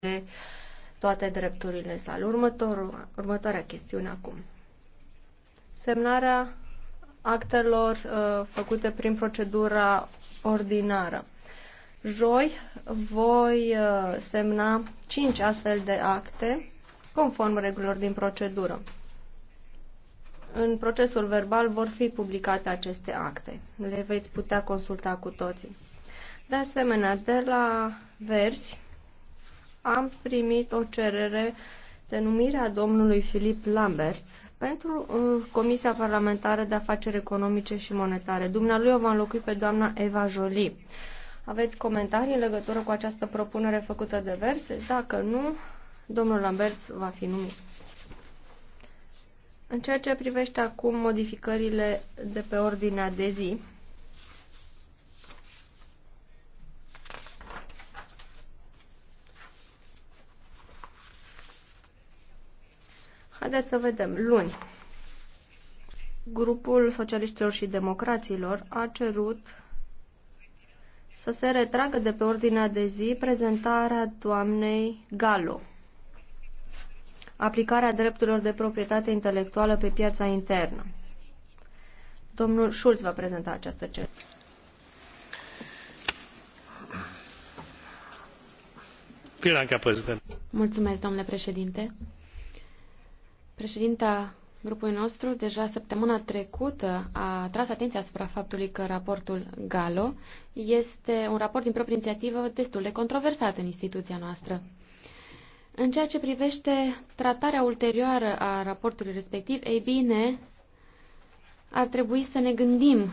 de toate drepturile sale. Următor, următoarea chestiune acum. Semnarea actelor uh, făcute prin procedura ordinară. Joi voi uh, semna 5 astfel de acte conform regulilor din procedură. În procesul verbal vor fi publicate aceste acte. Le veți putea consulta cu toții. De asemenea, de la versi, am primit o cerere de numire a domnului Filip Lamberts pentru uh, Comisia Parlamentară de Afaceri Economice și Monetare. Dumnealui o va înlocui pe doamna Eva Jolie. Aveți comentarii în legătură cu această propunere făcută de verse? Dacă nu, domnul Lamberts va fi numit. În ceea ce privește acum modificările de pe ordinea de zi, Haideți să vedem. Luni, grupul socialiștilor și democraților a cerut să se retragă de pe ordinea de zi prezentarea doamnei Galo, aplicarea drepturilor de proprietate intelectuală pe piața internă. Domnul Schulz va prezenta această cerere. Mulțumesc, domnule președinte. Președinta grupului nostru deja săptămâna trecută a tras atenția asupra faptului că raportul Galo este un raport din proprie inițiativă destul de controversat în instituția noastră. În ceea ce privește tratarea ulterioară a raportului respectiv, ei bine, ar trebui să ne gândim